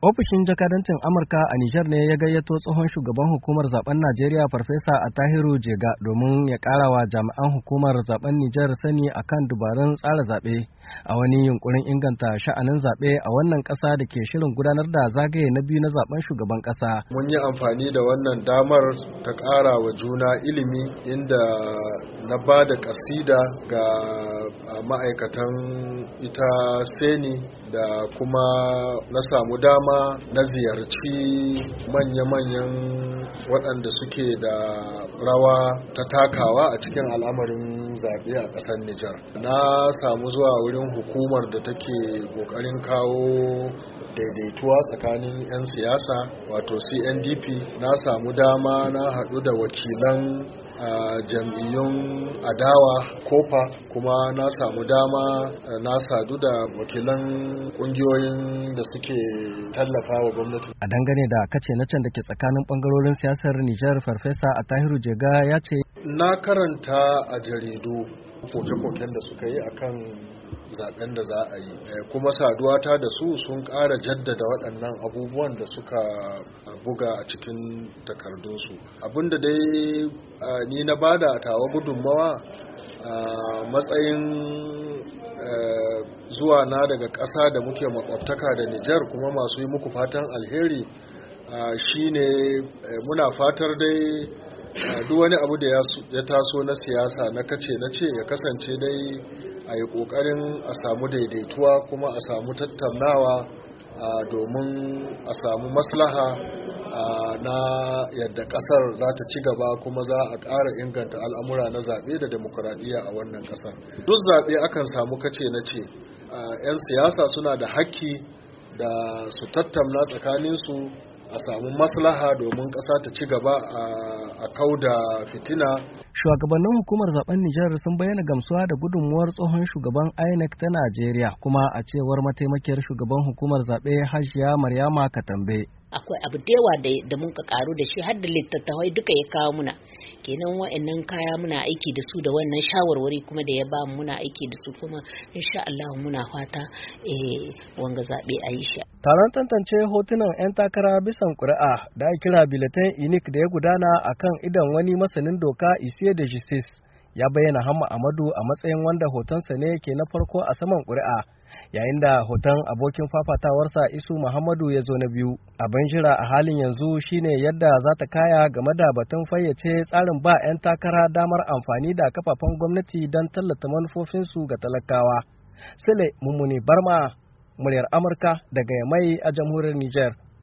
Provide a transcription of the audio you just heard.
Ofishin jakadancin Amurka a Nijar ne ya gayyato tsohon shugaban hukumar zaben Najeriya Farfesa a Tahiru Jega domin ya karawa jami'an hukumar zaben Nijar sani akan dubarun tsara zaɓe a wani yunkurin inganta sha'anin zaɓe a wannan ƙasa da ke shirin gudanar da zagaye na biyu na zaben shugaban ƙasa. Mun yi amfani da wannan damar ta ƙara wa juna ilimi inda na ba da ƙasida ga ma'aikatan ita seni da kuma na samu dama dama na ziyarci manya-manyan waɗanda suke da rawa ta takawa a cikin al'amarin zaɓe a ƙasar Nijar. Na samu zuwa wurin hukumar da take ƙoƙarin kawo daidaituwa tsakanin 'yan siyasa wato CNDP na samu dama na haɗu da wakilan a jam'iyyun adawa kofa kuma na samu dama eh, na sadu da wakilan kungiyoyin da suke tallafa wa gwamnati a dangane da kace na can da ke tsakanin bangarorin siyasar Nijar farfesa a tahiru jega ya ce na karanta a jaridu koke-koken da suka yi akan zaben da za a yi eh, kuma saduwata da su sun ƙara jaddada waɗannan abubuwan da suka buga a cikin takardunsu abinda dai eh, ni na bada tawa gudunmawa a matsayin eh, zuwa na daga ƙasa da muke makwabtaka da Nijar kuma masu yi muku fatan alheri shi ne eh, muna fatar dai duk wani abu da ya taso na siyasa na kace na ce ya kasance dai a yi ƙoƙarin a samu daidaituwa kuma a samu tattaunawa domin a samu maslaha a na yadda kasar za ta ci gaba kuma za a ƙara inganta al'amura na zaɓe da demokuraɗiyya a wannan ƙasar duk zaɓe akan samu kace na ce 'yan siyasa suna da haƙƙi da su tattauna tsakaninsu a samu maslaha domin ƙasa ta ci gaba a kau da fitina. Shugabannin hukumar zaben Nijar sun bayyana gamsuwa da gudunmuwar tsohon shugaban INEC ta Najeriya kuma a cewar mataimakiyar shugaban hukumar zaɓe Hajiya Maryama Katambe. akwai abu da yawa da mun ka karu da shi har da littattafai duka ya kawo muna kenan wa'annan kaya muna aiki da su da wannan shawarwari kuma da ya ba muna aiki da su kuma insha Allah muna fata eh, wanga zabe a taron tantance hotunan 'yan takara bisan kuri'a da ake kira biletin da ya gudana akan idan wani masanin doka isiye da justice ya bayyana hamma amadu a matsayin wanda hotonsa ne ke na farko a saman kuri'a yayin da hoton abokin fafatawarsa isu muhammadu ya zo na biyu abin jira a halin yanzu shine yadda za ta kaya game da batun fayyace tsarin ba 'yan takara damar amfani da kafafen gwamnati don tallata manufofinsu ga talakawa sule mummuni barma muryar amurka daga mai a jamhuriyar niger